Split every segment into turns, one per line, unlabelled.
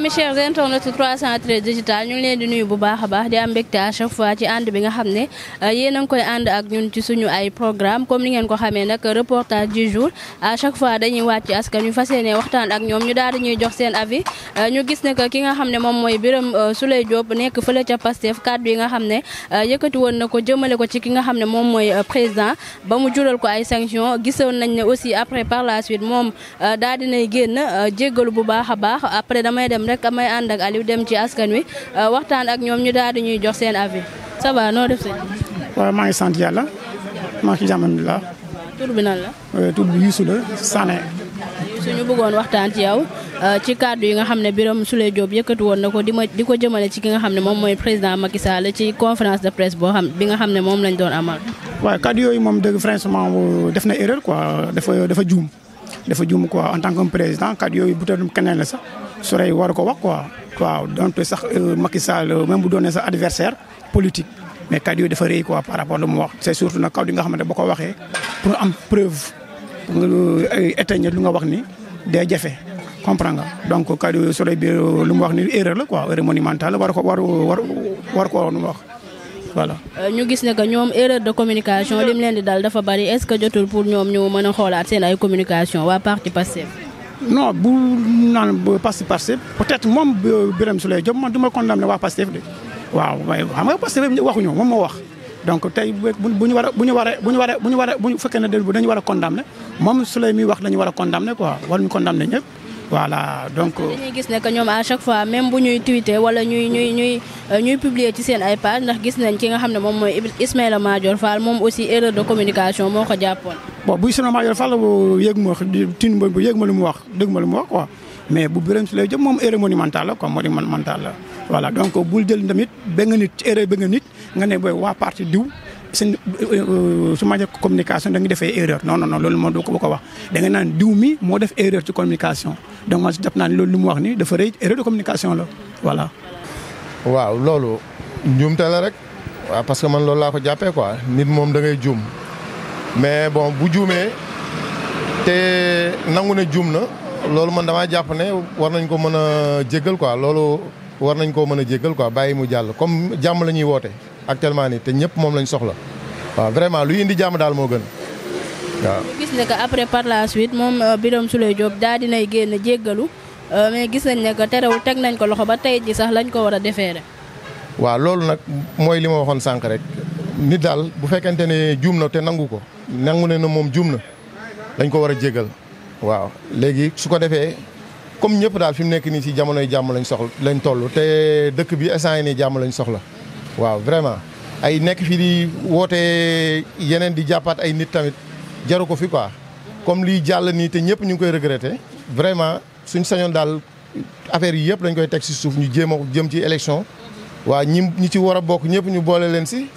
ami chers internautes 313 digital ñu leen di nuyu bu baax a baax di am mbégte à chaque fois ci ànd bi nga xam ne euh, yéen koy ànd ak ñun ci suñu ay programme comme ni ngeen ko xame nag reportage du jour à chaque fois dañuy wàcc ci askan ñu fas yéene waxtaan ak ñoom ñu daal di ñuy jox seen avis euh, ñu gis ne que ki nga xam ne moom mooy Birame euh, Souleye Diop nekk fële ca Pastef kàddu yi nga xam ne yëkkati woon na ko jëmale ko ci ki nga xam ne moom mooy président ba mu jural ko ay sanction gisoon nañ ne aussi après par la suite moom daal dinay génn jéggalu bu baax a baax rek may ànd ak Aliou dem ci askan wi euh, waxtaan ak ñoom ñu daal di ñuy jox seen avis ça noo def sëñ
waaw maa ngi sant yàlla maa ngi ci jàmm alhamdulilah. tur bi nan la. Euh, tur bi Youssou la Sané.
suñu bëggoon waxtaan ci yow euh, ci kàddu yi nga xam ne Birame Souleye Diop yëkkati woon na ko di ma di ko jëmale ci ki nga xam ne moom mooy président Macky Sall ci conférence de presse boo xam bi nga xam ne moom lañ doon amal.
waaw yooyu moom dëgg franchement def na erreur quoi dafa dafa juum dafa juum quoi en tant que président kàddu yooyu bu tawee keneen la sax. Sourey war ko wax quoi waaw donte sax euh, Macky Sall euh, même bu doonee sa adversaire politique mais kàddu yi dafa par rapport lu mu wax. c'est surtout nag kaw di nga xamante ba ko waxee pour am preuve pour euh, étayer lu nga wax ni day jafe comprend nga donc kàddu Sourey bi lu mu wax ni erreur la quoi erreur monumentale war ko war war war ko waroon wax. voilà.
ñu gis ne que ñoom erreur de communication lim leen di dal dafa bari est-ce que jotul pour ñoom ñu mën a xoolaat seen ay communication
non bu naan Pastef Pastef peut-être moom Birame Souleye Diop man du ma condamné waa Pastef de waaw waaye xam nga Pastef waxuñu moom moo wax. donc tey bu ñu war a bu ñu war a bu ñu war a bu ñu war a bu fekkee ne dañu war a condamné moom Souleye mi wax dañu war a condamné quoi waruñu condamné ñëpp. voilà donc euh.
dañuy gis ne que à chaque fois même bu ñuy tweeter wala ñuy euh, ñuy publier ci seen ay page ndax gis nañ ki nga xam ne moom mooy Ismaïla Madior Fall moom moo
bon buy sunu Madior a yëg ma tin ma lu mu wax ma lu mu wax quoi mais moom erreur monumentale la quoi monumentale la voilà jël tamit ba nga nit erreur ba nga nit nga ne booy waa parti diw seen euh, su Madior communication da nga defee erreur non non non loolu moo du ko ko wax da nga naan diw mi moo def erreur ci communication donc man naa loolu lu mu wax ni dafa rëy erreur de la voilà waaw loolu rek
waaw parce que man loolu laa ko jàppee quoi nit moom dangay ngay mais bon bu juumee te nangu ne juum na loolu man damaa jàpp ne war nañ ko mën a jéggal quoi loolu war nañ koo mën a jéggal quoi bàyyi mu jàll comme jàmm la ñuy woote actuellement nii te ñëpp moom lañu soxla waaw vraiment luy indi jàmm daal moo gën waaw. ñu
gis ne que après par la suite moom euh, Birame Souleye Diop daa dinay génn jéggalu euh, mais gis nañ ne que terewul teg nañ ko loxo ba tey ji sax lañ ko war a defee rek
waaw loolu nag mooy li ma waxoon sànq rek nit daal bu fekkente ne juum na te nangu ko. nangu ne na moom juum na dañ ko war a jégal waaw léegi su ko defee comme ñëpp daal fi mu nekk nii si jamonoy jàmm lañ soxla lañ toll te dëkk bi instant yi nii jàmm lañ soxla waaw vraiment ay nekk fi di wootee yeneen di jàppaat ay nit tamit jaru ko fi quoi comme lii jàll nii te ñëpp ñu ngi koy regretter vraiment suñ sañoon daal affaire yi yëpp dañ koy teg si suuf ñu jéem a jëm ci élection waa ñi ñi ci war a bokk ñëpp ñu boole leen si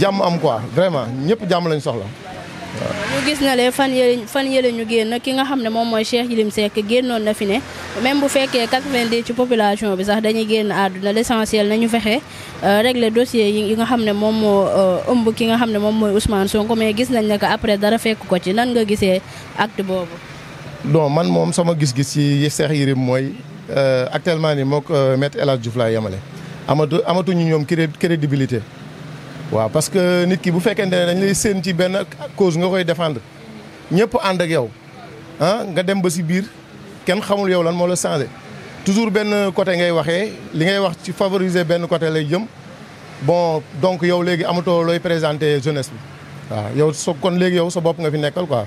jàmm am ko quoi vraiment ñëpp jàmm lañ soxla.
ñu gis na lee fan yée fan yële ñu génn ki nga xam ne moom mooy Cheikh Yirim Seck génnoon na fi ne même bu fekkee 90 ci population bi sax dañuy génn àdduna l' essentiel nañu fexe euh, régler dossier yi nga xam ne moom moo euh, ëmb ki nga xam ne moom mooy Ousmane Sonko mais gis nañ ne que après dara fekk ko ci nan nga gisee acte boobu.
non man moom sama gis-gis ci Cheikh Yirim mooy euh, actuellement ni mook maître El Hadj Diouf laa amatu amatuñu ñoom crédibilité. waaw parce que nit kii bu fekkente ne dañ lay séen ci benn cause nga koy défendre ñëpp ànd ak yow ah nga dem ba si biir kenn xamul yow lan moo la changé toujours benn côté ngay waxee li ngay wax ci favoriser benn côté lay jëm bon donc yow léegi amatoo looy présenter jeunesse bi waaw yow so kon léegi yow sa bopp nga fi nekkal quoi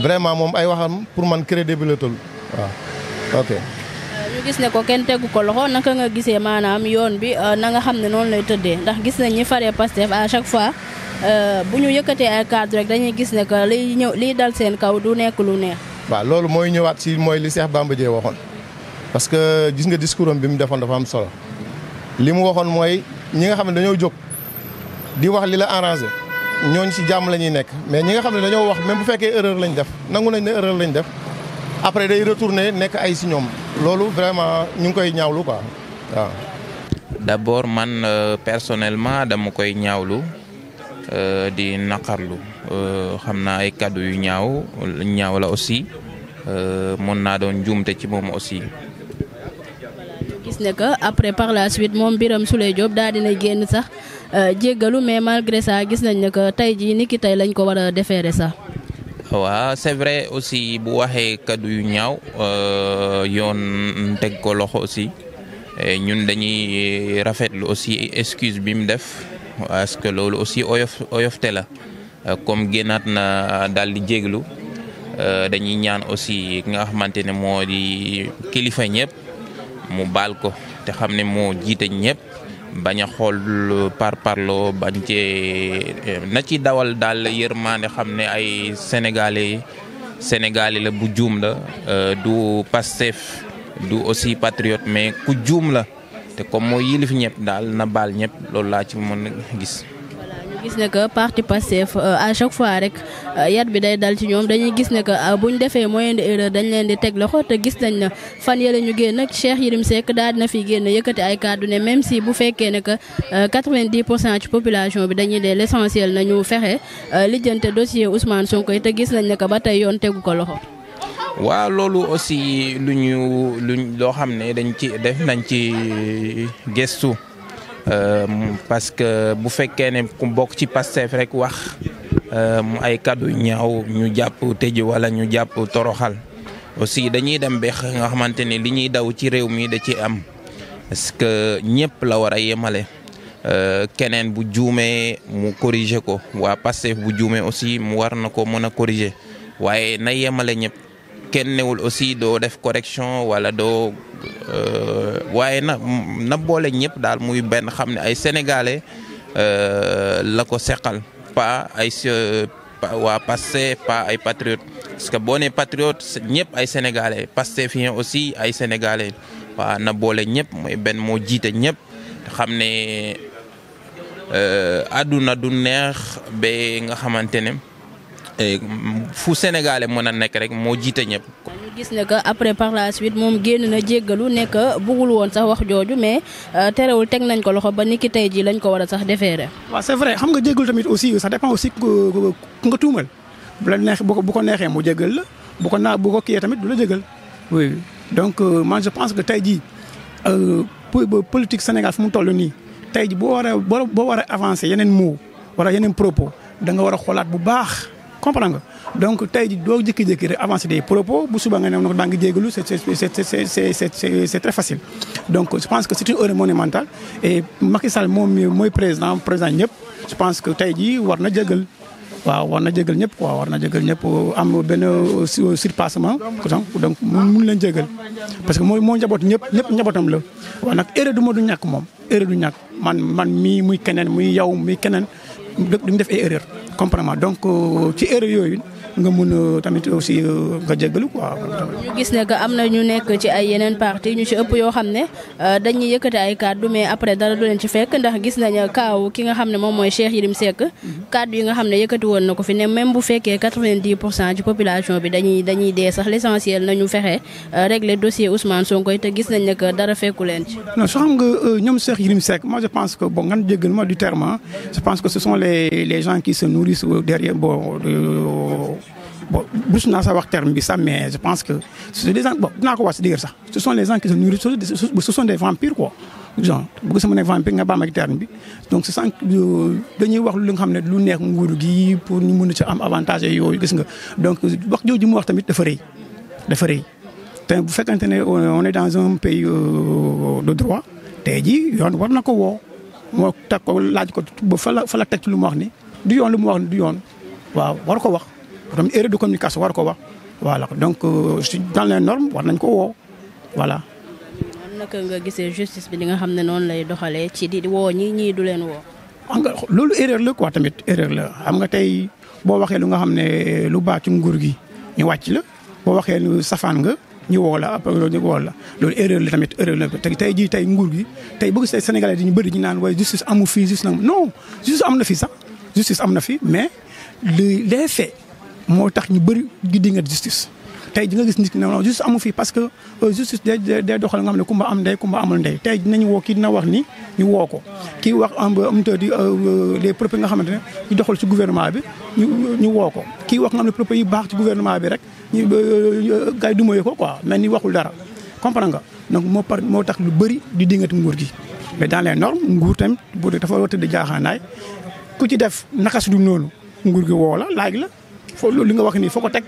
vraiment moom ay waxam pour man bi la tol waaw ok
gis ne ko kenn tegu ko loxo naka nga gisee maanaam yoon bi euh, na nga xam ne noonu lay tëddee ndax gis nañ ñi faree Pastef à chaque fois euh, bu ñu yëkkatee ay cadre rek dañuy gis ne que liy ñëw liy dal seen kaw du nekk lu neex.
waaw loolu mooy ñëwaat si mooy li seex Bamba Dièye waxoon parce que gis nga discours am bi mu defoon dafa am solo li mu waxoon mooy ñi nga xam ne dañoo jóg di wax li la arrangé ñooñ si jàmm la nekk mais ñi nga xam ne dañoo wax même bu fekkee erreur lañ def nangu nañ ne erreur lañ def. après day retourner nekk ay si ñoom loolu vraiment ñu ngi koy ñaawlu ko
waaw. d'abord man euh, personnellement dama koy ñaawlu euh, di naqarlu euh, xam naa ay kàddu yu ñaaw ñaaw la aussi mën naa doon juumte ci moom aussi.
gis ne que après par la moom biram Souleye Diop daal dina génn sax jéggalu mais malgré ça gis nañ ne que tey jii ki tey lañ ko war a defeere sax.
waaw c'est vrai aussi bu waxee kaddu yu ñaaw euh, yoon teg ko loxo aussi ñun dañuy rafetlu aussi excuse bi mu def parce que loolu aussi oyof oyofte la euh, comme génnaat na daal di jéglu euh, dañuy ñaan aussi ki nga xamante ne moo di kilifa ñëpp mu baal ko te xam ne moo jiite ñëpp. bañ a xool par par parlo bañ cee eh, na ci dawal daal yërmaande xam ne ay sénégalais sénégalais la bu juum la euh, du Pastef du aussi patriote mais ku juum la te comme moo yilif ñëpp daal na baal ñëpp loolu laa ci mën na gis.
gis ne que parti Pastef euh, à chaque fois rek euh, yat bi day dal ci ñoom dañuy gis ne que euh, buñ defee moyen de erreur dañ leen di teg loxo te gis nañ na fan yële ñu génn nag Cheikh Yérim Seck daal dina fi génn yëkkati ay kàddu ne même si bu fekkee ne que 90 pour cent ci population bi dañuy dee l' essentiel nañu fexe lijjante dossier Ousmane Sonko yi te gis nañ ne que ba tey yoon tegu ko loxo.
waaw loolu aussi lu ñu luñ loo xam ne dañ ci def nañ ci gëstu. Euh, parce que bu fekkee ne ku bokk ci Pastef rekk wax euh, mu ay kaddu ñaaw ñu jàpp tëj wala ñu jàpp toroxal aussi dañuy dem ba nga xamante ni li ñuy daw ci réew mi da ci am parce que ñëpp la war a yemale euh, keneen bu juumee mu corriger ko waa Pastef bu juumee aussi mu war na ko mën a corriger waaye na yemale ñëpp kenn newul aussi doo def correction wala doo Euh, waaye na na boole ñëpp daal muy benn xam ne ay sénégalais euh, la ko seqal pas ay waa Pastef pas ay patriote parce que boo nee patriote ñëpp ay sénégalais Pastefien aussi ay sénégalais waaw na boole ñëpp muy benn moo jiite ñëpp xam ne euh, àdduna du neex ba nga xamante ne eh, fu sénégalais mën a nekk rek moo jiite ñëpp.
gis ne que après par la suite moom génn na jéggalu nekk bëggul woon sax wax jooju mais euh, terewul teg nañ ko loxo ba niki tey jii lañ ko war a sax defeere
waaw c'est vrai xam nga jéggalu tamit aussi ça dépend aussi ku nga tuumal bu la neex bu ko neexee moo jegal la bu ko naa bu ko kiyee tamit du la jegal donc euh, man je pense que tey jii euh, politique Sénégal fu mu toll nii tey ji boo war a boo war a avancer yeneen moo wala yeneen propos da nga war a xoolaat bu baax comprendre donc tey ji doo jékki-jékki rek avancer des propos bu suba nga ne maa ngi jégalu c'est c'est très facile. donc je pense que c'est une erreur monumentale et Macky Sall moom mooy président président ñëpp je pense que tey ji war na jégal waaw war na jégal ñëpp quoi war na jégal ñëpp am benn surpassement donc mun leen jégal parce que mooy moo njaboot ñëpp ñëpp njabootam la waaw nag erreur du ma du ñàkk moom erreur du ñàkk man man mii muy keneen muy yow muy keneen. duñ def ay erreur comprendre euh, ma yooyu nga mën a euh, tamit aussi euh, nga jéggalu quoi.
ñu gis ne que na ñu nekk ci ay yeneen parti ñu ci ëpp yoo xam ne dañuy yëkkati ay kàddu mais après dara du leen ci fekk ndax gis nañu kaaw ki nga xam ne moom mooy Cheikh Yérim Seck. Mhm. kàddu yi nga xam ne yëkkati woon na ko fi ne même bu fekkee quatre-vingt-dix pour cent ci population bi dañuy dañuy dee sax l' essentiel nañu fexe régler dossier Ousmane Sonko te gis nañ ne que dara fekku leen ci.
non soo xam nga ñoom Cheikh Yérim Seck moi je pense que les les gens qui se nourrissent derrière bon euh, bon bus naa sax wax terme bi sax mais je pense que c'est des gens dinaa ko wax si dëgg sax ce sont les gens qui se nourrissent ce sont des vampires quoi. genre bu sa mën a vampire nga baam ak terme bi donc ce sont euh, dañuy wax lu nga xam ne lu neex nguur gi pour ñu mën a ci am avantage yooyu gis nga donc wax jooju mu wax tamit dafa rëy dafa rëy te bu fekkante ne on dans un pays euh, de droit te jii yoon war na ko woo. moo teg ko laaj ko ba fa la fa la teg ci lu mu wax ni du yoon lu mu wax ni du yoon waaw war ko wax tam erreur de communication war ko wax voilà donc euh, dans les normes war nañ ko woo voilà.
naka nga gisee justice bi li nga xam ne noonu lay doxalee ci di woo ñi ñii du leen woo. xam nga
loolu erreur la quoi tamit erreur la xam nga tey boo waxee lu nga xam ne lu baax nguur gi ñu wàcc la boo waxee lu safaan nga. ñi woo la loolu ñu woo la loolu erreur la tamit erreur la te tey jii tey nguur gi tey bëgg say sénégalais dañu bëri ñu naan waaye justice amu fii justice nag non justice am na fii sax justice am na fi mais li les faits moo tax ñu bëri di dingat justice tey di nga gis nit ki ne amu fi parce que euh, justice day day doxal nga xam ne kumba am ndey kumba amul ndey tey dinañu woo kii dina wax ni ñu woo ko kii wax am te di les euh, euh, propos nga xamante ne ñu doxal ci gouvernement bi ñu ñu woo ko kii wax nga ne propos yu baax ci gouvernement bi rek ñu gars yi ko quoi mel ni waxul dara comprendre nga donc moo par moo tax lu bëri di dingati nguur gi mais dans les normes nguur tamit bu dee dafa war tëdd jaaxaanaay ku ci def naka su dul noonu nguur gi woo laaj la foo li nga wax nii foo ko teg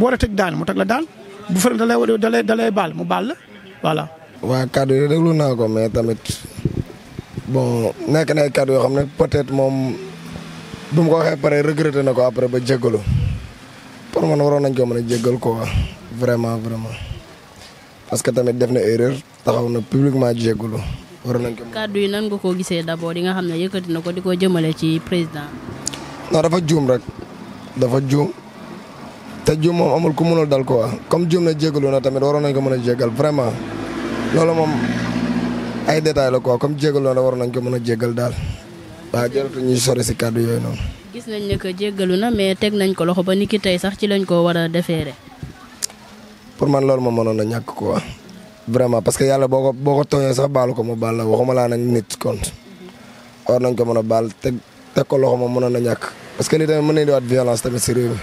boo
la teg daan mu teg la daal
bu fekkee da baal mu baal la voilà.
waa kàddu yi déglu naa ko mais tamit bon nekk na ay kàddu yoo xam ne peut-être moom bu mu ko waxee pare regretté na ko après ba jéggalu pour man waroon nañ ko mën a jéggal ko vraiment vraiment parce que tamit def na erreur taxaw na publiquement jéggalu waroon nañ ko.
kàddu yi nan nga koo gisee d'abord yi nga xam ne yëkkati na ko di ko jëmale ci président.
non dafa juum rek dafa juum. te juum moom amul ku mënul dal quoi comme juum na jégalu na tamit waroon nañ ko mën a jégal vraiment loolu moom ay détails la quoi comme jégalu na waroon nañ ko mën a jégal daal waaw jërëjëf ñuy sori si kàddu yooyu noonu.
gis nañ ne que jégalu na mais teg nañ ko loxo ba nikki tey sax ci lañ ko war a defeere
pour man loolu ma mënoon a ñàkk quoi vraiment parce que yàlla boo ko boo ko tooñee sax baalu ko mu baal la waxuma laa nag nit kon war nañ ko mën a baal teg teg ko loxo ma mënoon a ñàkk parce que lii tamit mën nañ di waat violence tamit si réew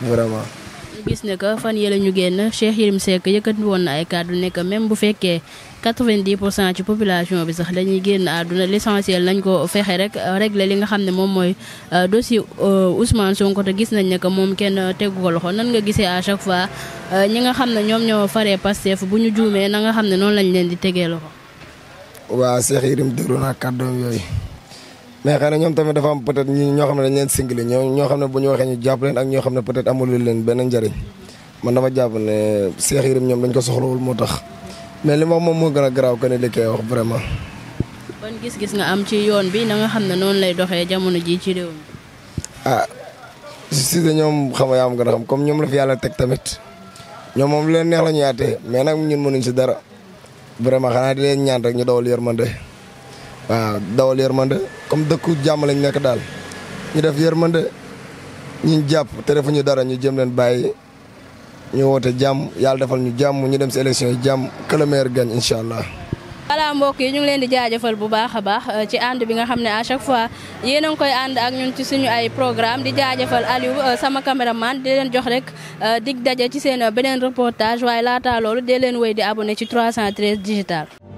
mi vraiment
gis ne fan yële ñu génn Cheikh Yérim Seck yëkkati woon na ay kàddu ne que même bu fekkee 90 pour cent ci population bi sax dañuy génn àdduna l'essentiel lañ ko fexe rek euh, régler li nga xam ne moom mooy euh, dosi euh, Ousmane Sonko gis nañ ne que moom kenn tegu ko loxo nan nga gisee à chaque fois ñi nga xam ne ñoom ñoo faree Pastef bu ñu juumee na nga xam ne noonu lañ leen di tegee loxo.
waa Cheikh Yérim déglu naa kàddoom yooyu. mais xëy na ñoom tamit dafa am peut ñoo xam ne dañ leen singli ñoo ñoo xam ne bu ñu waxee ñu jàpp leen ak ñoo xam ne peut-être amulul leen benn njëriñ man dama jàpp ne Cheikh Yérim ñoom dañ ko soxlawul moo tax mais ni ma moom moo gën a garaaw que ne li koy wax vraiment.
gis-gis am ci yoon bi na xam ne noonu lay doxee jamono jii ci réew mi.
ah justice de ñoom xam nga am gën a xam comme ñoom la fi yàlla teg tamit ñoom moom leen neex la ñu yaatee mais nag ñun mënuñ si dara vraiment xanaa di leen ñaan rek ñu dawal yërmande waaw dawal yërmande comme dëkku jàmm lañ nekk daal ñu def yërmande ñu jàpp te defuñu dara ñu jëm leen bàyyi ñu woote jàmm yàlla defal ñu jàmm ñu dem si élection jàmm que le meilleur gagne incha allah.
voilà mbokk yi ñu ngi leen di jaajëfal bu baax a baax euh, ci ànd bi nga xam ne à chaque fois yéen a ngi koy ànd ak ñun ci suñu ay programme di jaajëfal Aliou euh, sama maan di leen jox rek euh, dig daje ci seen beneen reportage waaye laata loolu dee leen w di abonné ci 313 digital.